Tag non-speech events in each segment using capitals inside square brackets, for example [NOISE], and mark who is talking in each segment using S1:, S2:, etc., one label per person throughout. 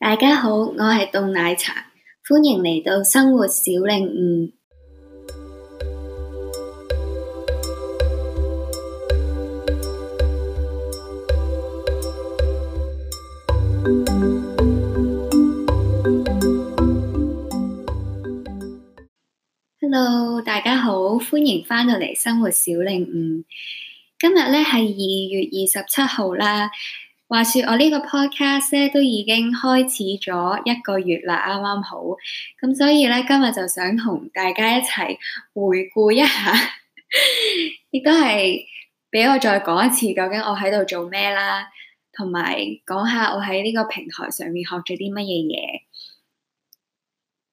S1: 大家好，我係凍奶茶，歡迎嚟到生活小領悟。Hello，大家好，歡迎返到嚟生活小領悟。今日呢係二月二十七號啦。話說我呢個 podcast 咧都已經開始咗一個月啦，啱啱好。咁所以咧今日就想同大家一齊回顧一下，亦 [LAUGHS] 都係俾我再講一次究竟我喺度做咩啦，同埋講下我喺呢個平台上面學咗啲乜嘢嘢。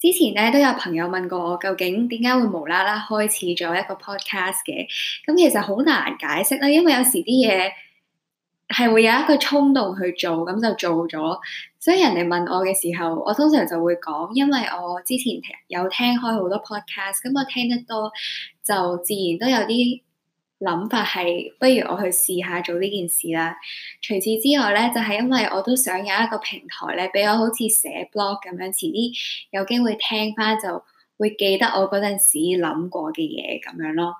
S1: 之前咧都有朋友問過我，究竟點解會無啦啦開始咗一個 podcast 嘅？咁其實好難解釋啦，因為有時啲嘢。係會有一個衝動去做，咁就做咗。所以人哋問我嘅時候，我通常就會講，因為我之前有聽開好多 podcast，咁我聽得多，就自然都有啲諗法係，不如我去試下做呢件事啦。除此之外咧，就係因為我都想有一個平台咧，俾我好似寫 blog 咁樣，遲啲有機會聽翻，就會記得我嗰陣時諗過嘅嘢咁樣咯。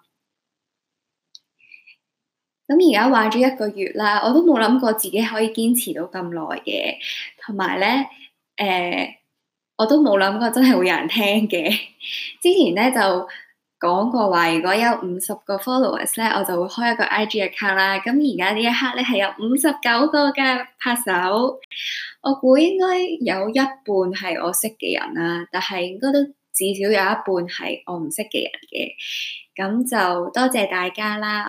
S1: 咁而家玩咗一個月啦，我都冇諗過自己可以堅持到咁耐嘅，同埋咧，誒、呃，我都冇諗過真係會有人聽嘅。之前咧就講過話，如果有五十個 followers 咧，我就會開一個 IG 嘅卡啦。咁而家呢一刻咧係有五十九個嘅拍手，我估應該有一半係我識嘅人啦，但係應該都至少有一半係我唔識嘅人嘅。咁就多謝大家啦。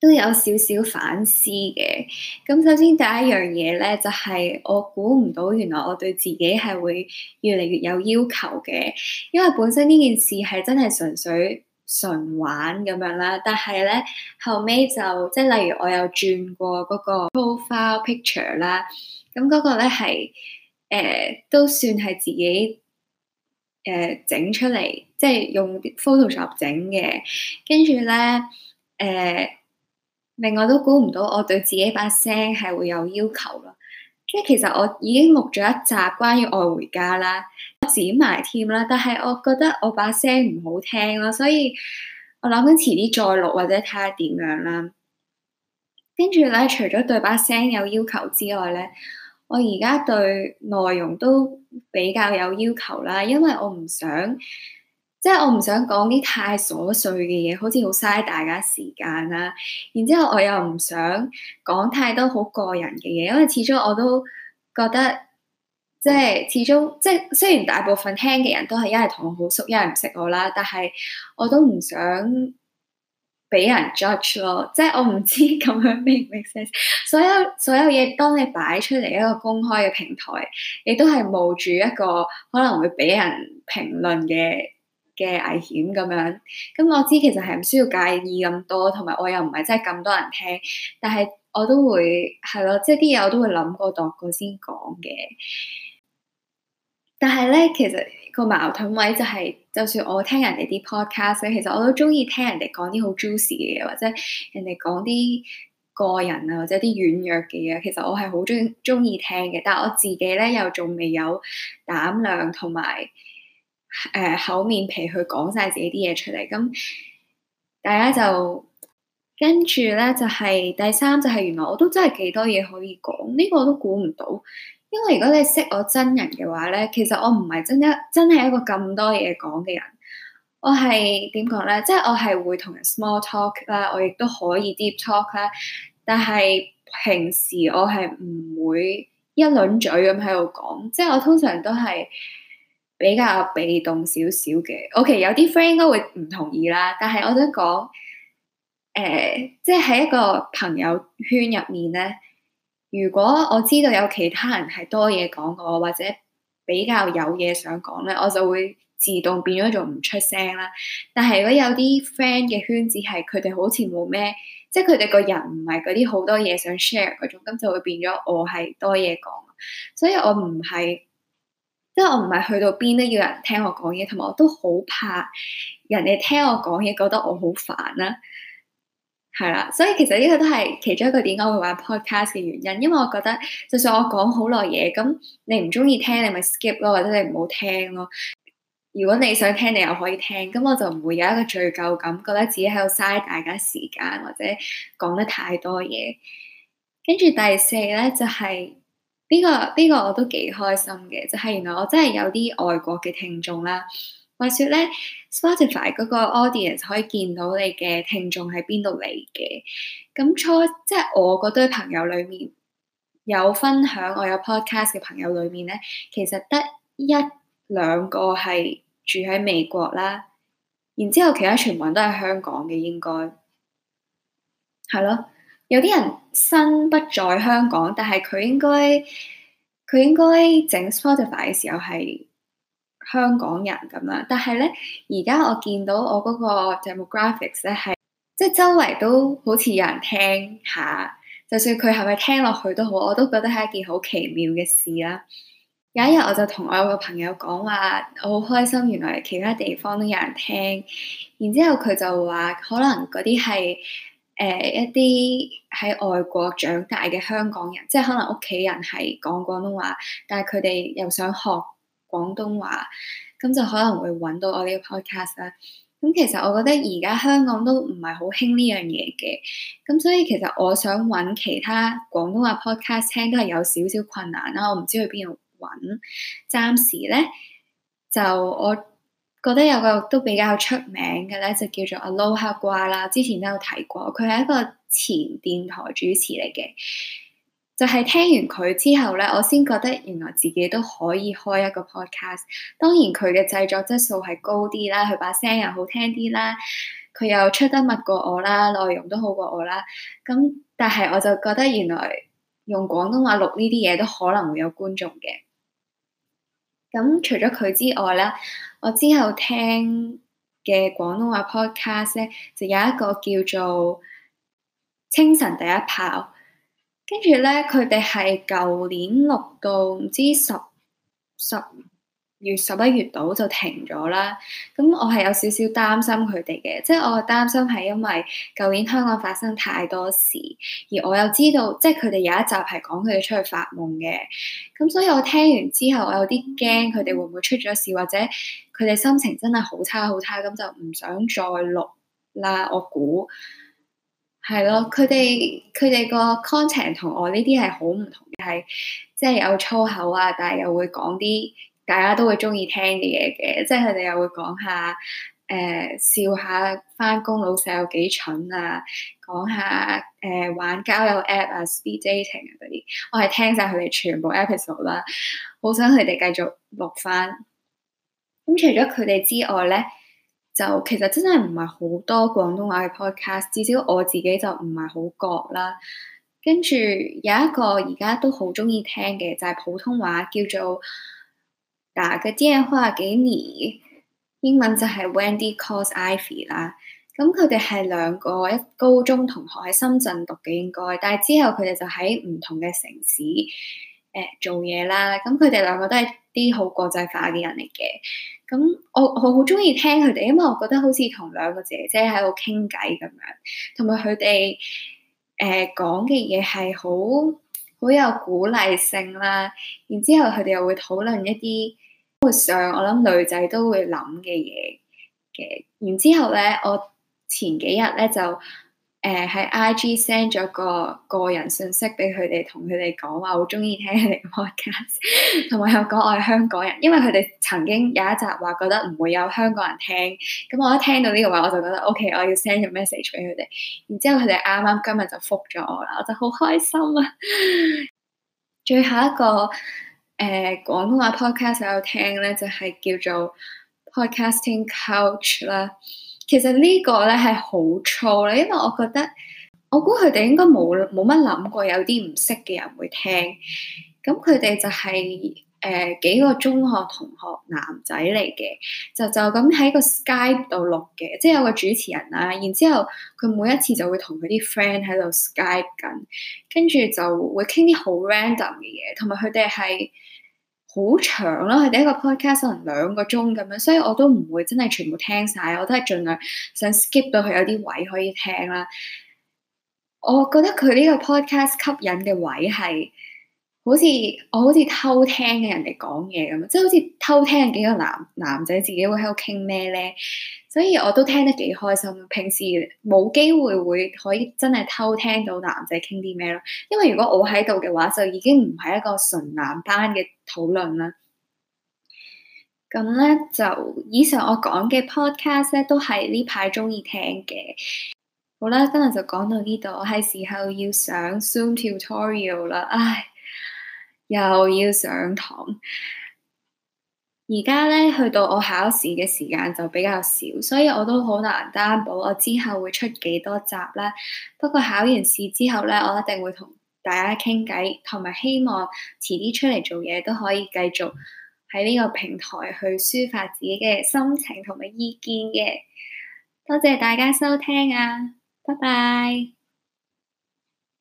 S1: 都有少少反思嘅。咁首先第一樣嘢咧，就係、是、我估唔到，原來我對自己係會越嚟，越有要求嘅。因為本身呢件事係真係純粹純玩咁樣啦。但係咧後尾就即係例如我有轉過嗰個 profile picture 啦。咁嗰個咧係誒都算係自己誒整、呃、出嚟，即係用 Photoshop 整嘅。跟住咧誒。呃另外都估唔到我對自己把聲係會有要求咯，即係其實我已經錄咗一集關於愛回家啦，剪埋添啦，但係我覺得我把聲唔好聽咯，所以我諗緊遲啲再錄或者睇下點樣啦。跟住咧，除咗對把聲有要求之外咧，我而家對內容都比較有要求啦，因為我唔想。即係我唔想講啲太瑣碎嘅嘢，好似好嘥大家時間啦，啊。然之後我又唔想講太多好個人嘅嘢，因為始終我都覺得，即係始終即係雖然大部分聽嘅人都係一係同我好熟，一係唔識我啦，但係我都唔想俾人 judge 咯。即係我唔知咁樣明唔明。所有所有嘢當你擺出嚟，一個公開嘅平台，你都係冒住一個可能會俾人評論嘅。嘅危險咁樣，咁我知其實係唔需要介意咁多，同埋我又唔係真係咁多人聽，但係我都會係咯，即係啲嘢我都會諗過度過先講嘅。但係咧，其實個矛盾位就係，就算我聽人哋啲 podcast 其實我都中意聽人哋講啲好 juicy 嘅嘢，或者人哋講啲個人啊，或者啲軟弱嘅嘢，其實我係好中意中意聽嘅。但係我自己咧又仲未有膽量同埋。誒，厚、呃、面皮去講晒自己啲嘢出嚟，咁大家就跟住咧，就係、是、第三就係、是、原來我都真係幾多嘢可以講，呢、這個我都估唔到。因為如果你識我真人嘅話咧，其實我唔係真一真係一個咁多嘢講嘅人。我係點講咧？即係、就是、我係會同人 small talk 啦，我亦都可以 deep talk 啦。但係平時我係唔會一輪嘴咁喺度講，即、就、係、是、我通常都係。比較被動少少嘅，OK，有啲 friend 應該會唔同意啦。但係我想講，誒、呃，即係喺一個朋友圈入面咧，如果我知道有其他人係多嘢講過，或者比較有嘢想講咧，我就會自動變咗做唔出聲啦。但係如果有啲 friend 嘅圈子係佢哋好似冇咩，即係佢哋個人唔係嗰啲好多嘢想 share 嗰種，咁就會變咗我係多嘢講，所以我唔係。即係我唔係去到邊都要人聽我講嘢，同埋我都好怕人哋聽我講嘢，覺得我好煩啦。係啦，所以其實呢個都係其中一個點解我會玩 podcast 嘅原因。因為我覺得就算我講好耐嘢，咁你唔中意聽，你咪 skip 咯，或者你唔好聽咯。如果你想聽，你又可以聽。咁我就唔會有一個罪疚感，覺得自己喺度嘥大家時間或者講得太多嘢。跟住第四咧就係。呢個呢個我都幾開心嘅，就係原來我真係有啲外國嘅聽眾啦。話說咧，Spotify 嗰個 Audience 可以見到你嘅聽眾喺邊度嚟嘅。咁初，即係我嗰堆朋友裏面有分享我有 Podcast 嘅朋友裏面咧，其實得一兩個係住喺美國啦。然之後其他全部都係香港嘅，應該係咯。有啲人身不在香港，但係佢應該佢應該整 Spotify 嘅時候係香港人咁啦。但係咧，而家我見到我嗰個 demographics 咧係，即係周圍都好似有人聽下，就算佢係咪聽落去都好，我都覺得係一件好奇妙嘅事啦。有一日我就同我有個朋友講話，我好開心，原來其他地方都有人聽。然之後佢就話，可能嗰啲係。誒、呃、一啲喺外國長大嘅香港人，即係可能屋企人係講廣東話，但係佢哋又想學廣東話，咁就可能會揾到我呢個 podcast 啦。咁、嗯、其實我覺得而家香港都唔係好興呢樣嘢嘅，咁、嗯、所以其實我想揾其他廣東話 podcast 聽都係有少少困難啦。我唔知去邊度揾，暫時咧就我覺得有個都比較出名嘅咧，就叫做阿撈哈瓜啦。之前都有睇過，佢係一個前電台主持嚟嘅。就係聽完佢之後咧，我先覺得原來自己都可以開一個 podcast。當然佢嘅製作質素係高啲啦，佢把聲又好聽啲啦，佢又出得密過我啦，內容都好過我啦。咁但係我就覺得原來用廣東話錄呢啲嘢都可能會有觀眾嘅。咁、嗯、除咗佢之外啦，我之後聽嘅廣東話 podcast 咧，就有一個叫做《清晨第一炮》呢，跟住咧，佢哋係舊年六到唔知十十月十一月到就停咗啦，咁我係有少少擔心佢哋嘅，即係我擔心係因為舊年香港發生太多事，而我又知道，即係佢哋有一集係講佢哋出去發夢嘅，咁所以我聽完之後，我有啲驚佢哋會唔會出咗事，或者佢哋心情真係好差好差，咁就唔想再錄啦。我估係咯，佢哋佢哋個 content 同我呢啲係好唔同嘅，係即係有粗口啊，但係又會講啲。大家都會中意聽啲嘢嘅，即係佢哋又會講下誒，笑下，翻、呃、工老細有幾蠢啊，講下誒、呃、玩交友 app 啊、speed dating 啊嗰啲，我係聽晒佢哋全部 episode 啦，好想佢哋繼續錄翻。咁除咗佢哋之外咧，就其實真係唔係好多廣東話嘅 podcast，至少我自己就唔係好覺啦。跟住有一個而家都好中意聽嘅就係、是、普通話叫做。嗱，嗰啲嘢，花幾年，英文就係 Wendy calls Ivy 啦。咁佢哋係兩個一高中同學喺深圳讀嘅，應該。但係之後佢哋就喺唔同嘅城市誒、呃、做嘢啦。咁佢哋兩個都係啲好國際化嘅人嚟嘅。咁我我好中意聽佢哋，因為我覺得好似同兩個姐姐喺度傾偈咁樣。同埋佢哋誒講嘅嘢係好好有鼓勵性啦。然之後佢哋又會討論一啲。生活上，我諗女仔都會諗嘅嘢嘅。然之後咧，我前幾日咧就誒喺、呃、IG send 咗個個人信息俾佢哋，同佢哋講，話好中意聽你嘅 podcast」，同埋又講我係香港人，因為佢哋曾經有一集話覺得唔會有香港人聽。咁我一聽到呢個話，我就覺得 OK，我要 send 個 message 俾佢哋。然之後佢哋啱啱今日就覆咗我啦，我就好開心啊！最後一個。誒、uh, 廣東話 podcast 有聽咧，就係、是、叫做 Podcasting Coach 啦。其實呢個咧係好粗啦，因為我覺得我估佢哋應該冇冇乜諗過有啲唔識嘅人會聽，咁佢哋就係、是。誒、呃、幾個中學同學男仔嚟嘅，就就咁喺個 Skype 度錄嘅，即係有個主持人啦、啊。然之後佢每一次就會同佢啲 friend 喺度 Skype 緊，跟住就會傾啲好 random 嘅嘢，同埋佢哋係好長囉。佢哋一個 podcast 可能兩個鐘咁樣，所以我都唔會真係全部聽晒。我都係盡量想 skip 到佢有啲位可以聽啦。我覺得佢呢個 podcast 吸引嘅位係，好似我好似偷聽嘅人嚟講嘢咁，即係好似偷聽幾個男男仔自己會喺度傾咩咧，所以我都聽得幾開心。平時冇機會會可以真係偷聽到男仔傾啲咩咯，因為如果我喺度嘅話，就已經唔係一個純男班嘅討論啦。咁咧就以上我講嘅 podcast 咧，都係呢排中意聽嘅。好啦，今日就講到呢度，我係時候要上 Zoom tutorial 啦，唉。又要上堂，而家咧去到我考試嘅時間就比較少，所以我都好難擔保我之後會出幾多集啦。不過考完試之後咧，我一定會同大家傾偈，同埋希望遲啲出嚟做嘢都可以繼續喺呢個平台去抒發自己嘅心情同埋意見嘅。多謝大家收聽啊，拜拜。